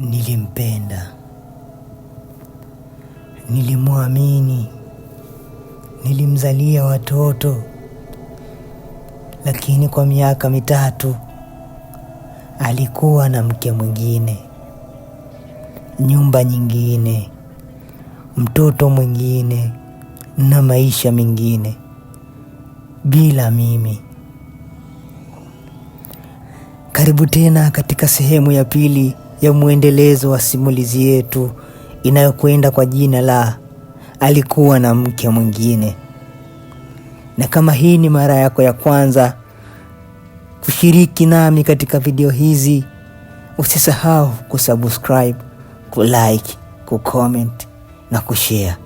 Nilimpenda, nilimwamini, nilimzalia watoto, lakini kwa miaka mitatu alikuwa na mke mwingine, nyumba nyingine, mtoto mwingine na maisha mengine bila mimi. Karibu tena katika sehemu ya pili ya mwendelezo wa simulizi yetu inayokwenda kwa jina la Alikuwa na Mke Mwingine. Na kama hii ni mara yako ya kwanza kushiriki nami katika video hizi, usisahau kusubscribe, kulike, kucomment na kushare.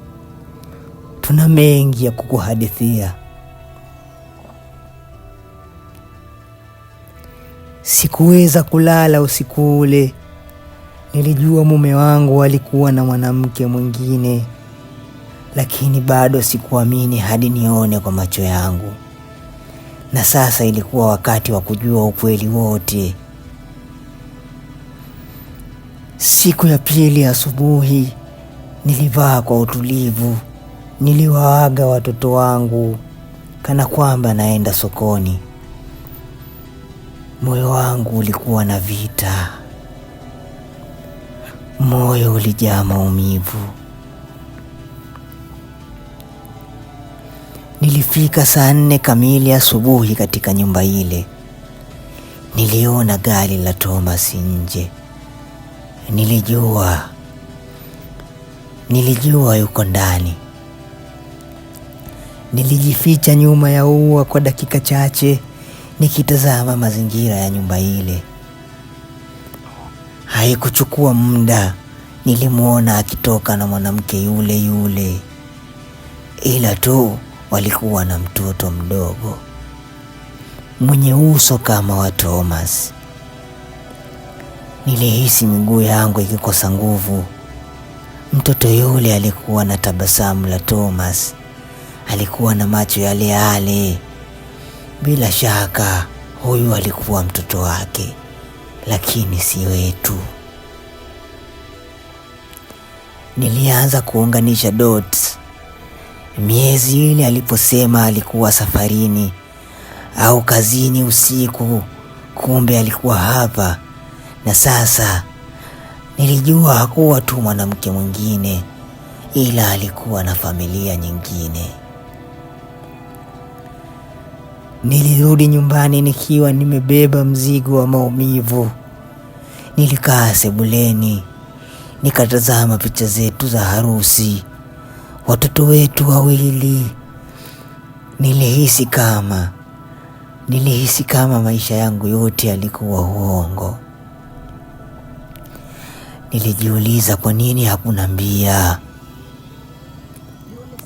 Tuna mengi ya kukuhadithia. Sikuweza kulala usiku ule Nilijua mume wangu alikuwa na mwanamke mwingine, lakini bado sikuamini hadi nione kwa macho yangu. Na sasa ilikuwa wakati wa kujua ukweli wote. Siku ya pili asubuhi nilivaa kwa utulivu. Niliwaaga watoto wangu kana kwamba naenda sokoni. Moyo wangu ulikuwa na vita moyo ulijaa maumivu. Nilifika saa nne kamili asubuhi katika nyumba ile. Niliona gari la Thomas nje. Nilijua, nilijua yuko ndani. Nilijificha nyuma ya ua kwa dakika chache nikitazama mazingira ya nyumba ile. Haikuchukua muda, nilimwona akitoka na mwanamke yule yule, ila tu walikuwa na mtoto mdogo mwenye uso kama wa Thomas. Nilihisi miguu yangu ikikosa nguvu. Mtoto yule alikuwa na tabasamu la Thomas, alikuwa na macho yale yale. Bila shaka huyu alikuwa mtoto wake lakini si wetu. Nilianza kuunganisha dots. Miezi ile aliposema alikuwa safarini au kazini usiku, kumbe alikuwa hapa. Na sasa nilijua hakuwa tu mwanamke mwingine, ila alikuwa na familia nyingine. Nilirudi nyumbani nikiwa nimebeba mzigo wa maumivu. Nilikaa sebuleni nikatazama picha zetu za harusi, watoto wetu wawili. Nilihisi kama nilihisi kama maisha yangu yote yalikuwa uongo. Nilijiuliza, kwa nini hakuniambia?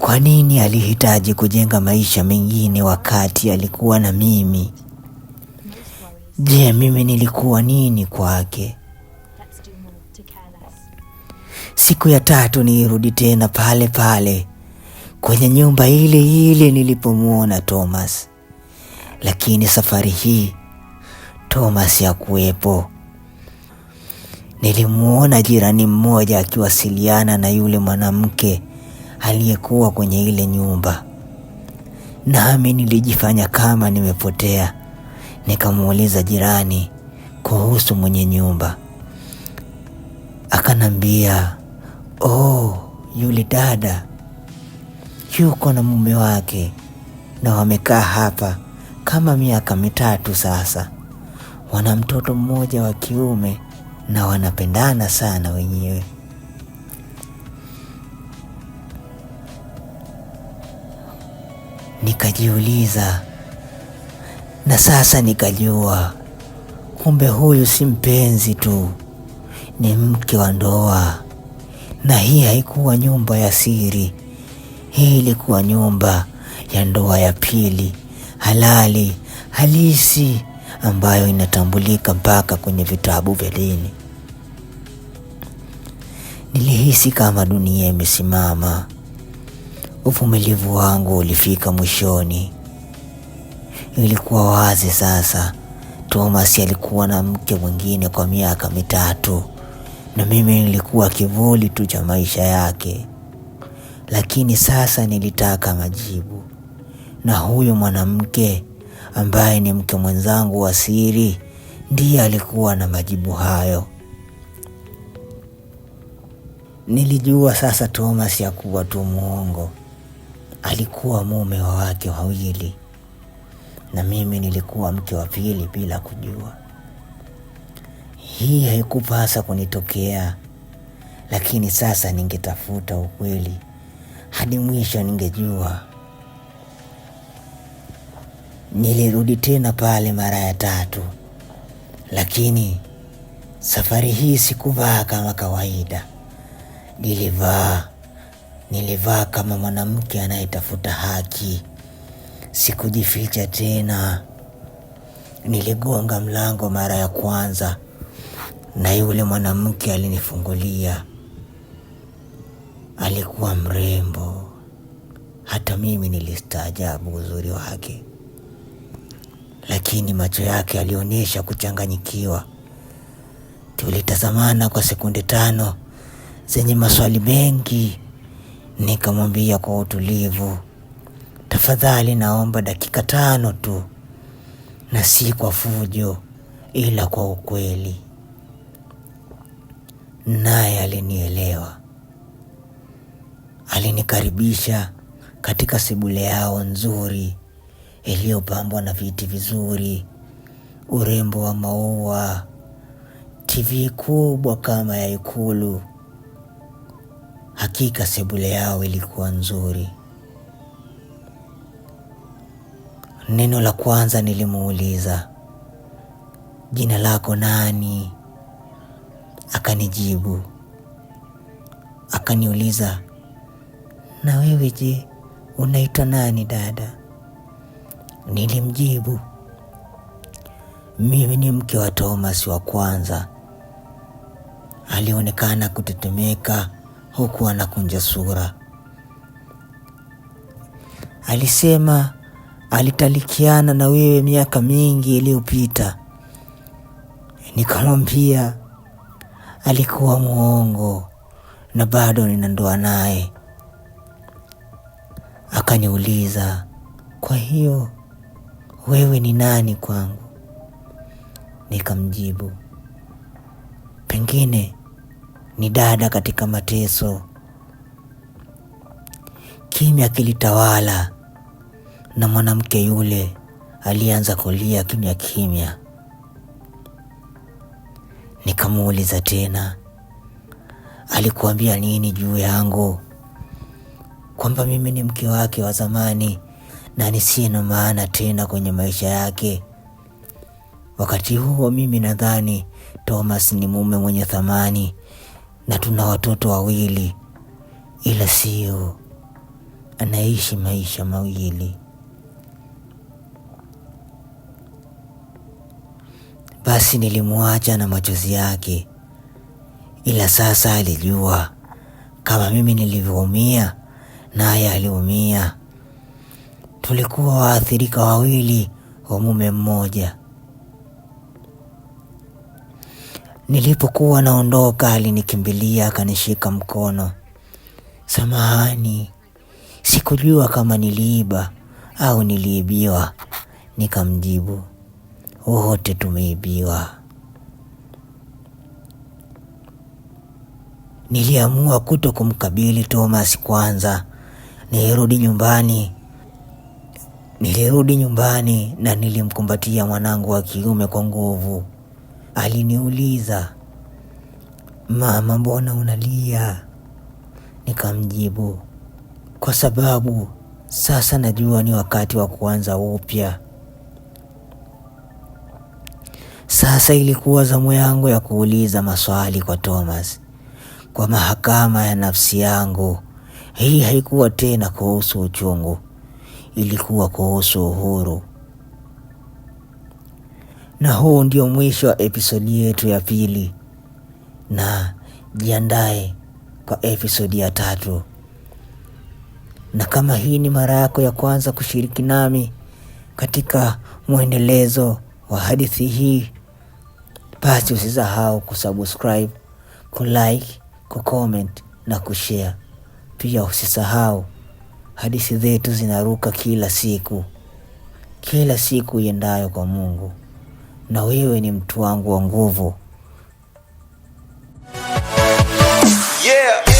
Kwa nini alihitaji kujenga maisha mengine wakati alikuwa na mimi? Je, mimi nilikuwa nini kwake? Siku ya tatu nilirudi tena pale pale kwenye nyumba ile ile nilipomwona Thomas, lakini safari hii Thomas hakuwepo. Nilimwona jirani mmoja akiwasiliana na yule mwanamke aliyekuwa kwenye ile nyumba, nami nilijifanya kama nimepotea. Nikamuuliza jirani kuhusu mwenye nyumba, akanambia oh, yule dada yuko na mume wake na wamekaa hapa kama miaka mitatu sasa. Wana mtoto mmoja wa kiume na wanapendana sana wenyewe. Nikajiuliza, na sasa nikajua, kumbe huyu si mpenzi tu, ni mke wa ndoa. Na hii haikuwa nyumba ya siri, hii ilikuwa nyumba ya ndoa ya pili halali halisi ambayo inatambulika mpaka kwenye vitabu vya dini. Nilihisi kama dunia imesimama, Uvumilivu wangu ulifika mwishoni. Ilikuwa wazi sasa, Thomas alikuwa na mke mwingine kwa miaka mitatu na mimi nilikuwa kivuli tu cha maisha yake. Lakini sasa nilitaka majibu, na huyo mwanamke ambaye ni mke mwenzangu wa siri ndiye alikuwa na majibu hayo. Nilijua sasa Thomas hakuwa tu muongo alikuwa mume wa wake wawili na mimi nilikuwa mke wa pili bila kujua. Hii haikupasa kunitokea, lakini sasa ningetafuta ukweli hadi mwisho, ningejua. Nilirudi tena pale mara ya tatu, lakini safari hii sikuvaa kama kawaida, nilivaa Nilivaa kama mwanamke anayetafuta haki, sikujificha tena. Niligonga mlango mara ya kwanza na yule mwanamke alinifungulia. Alikuwa mrembo, hata mimi nilistaajabu uzuri wake, lakini macho yake alionyesha kuchanganyikiwa. Tulitazamana kwa sekunde tano zenye maswali mengi Nikamwambia kwa utulivu, tafadhali naomba dakika tano tu, na si kwa fujo, ila kwa ukweli. Naye alinielewa, alinikaribisha katika sebule yao nzuri iliyopambwa na viti vizuri, urembo wa maua, TV kubwa kama ya Ikulu. Hakika sebule yao ilikuwa nzuri. Neno la kwanza nilimuuliza, jina lako nani? Akanijibu, akaniuliza, na wewe je, unaitwa nani dada? Nilimjibu, mimi ni mke wa Thomas wa kwanza. Alionekana kutetemeka huku anakunja sura. Alisema alitalikiana na wewe miaka mingi iliyopita, nikamwambia alikuwa mwongo na bado nina ndoa naye. Akaniuliza, kwa hiyo wewe ni nani kwangu? Nikamjibu, pengine ni dada katika mateso. Kimya kilitawala na mwanamke yule alianza kulia kimya kimya. Nikamuuliza tena, alikuambia nini juu yangu? Kwamba mimi ni mke wake wa zamani na na maana tena kwenye maisha yake. Wakati huo mimi nadhani Thomas ni mume mwenye thamani na tuna watoto wawili, ila sio anaishi maisha mawili. Basi nilimwacha na machozi yake, ila sasa alijua kama mimi nilivyoumia naye aliumia. Tulikuwa waathirika wawili wa mume mmoja. Nilipokuwa naondoka alinikimbilia akanishika mkono. Samahani, sikujua kama niliiba au niliibiwa. Nikamjibu, wote tumeibiwa. Niliamua kuto kumkabili Thomas kwanza. Nilirudi nyumbani, nilirudi nyumbani na nilimkumbatia mwanangu wa kiume kwa nguvu. Aliniuliza, mama, mbona unalia? Nikamjibu, kwa sababu sasa najua ni wakati wa kuanza upya. Sasa ilikuwa zamu yangu ya kuuliza maswali kwa Thomas, kwa mahakama ya nafsi yangu. Hii haikuwa tena kuhusu uchungu, ilikuwa kuhusu uhuru. Na huu ndio mwisho wa episodi yetu ya pili, na jiandae kwa episodi ya tatu. Na kama hii ni mara yako ya kwanza kushiriki nami katika mwendelezo wa hadithi hii, basi usisahau kusubscribe, kulike, kucomment na kushare. Pia usisahau hadithi zetu zinaruka kila siku, kila siku iendayo kwa Mungu na wewe ni mtu wangu wa nguvu. Yeah.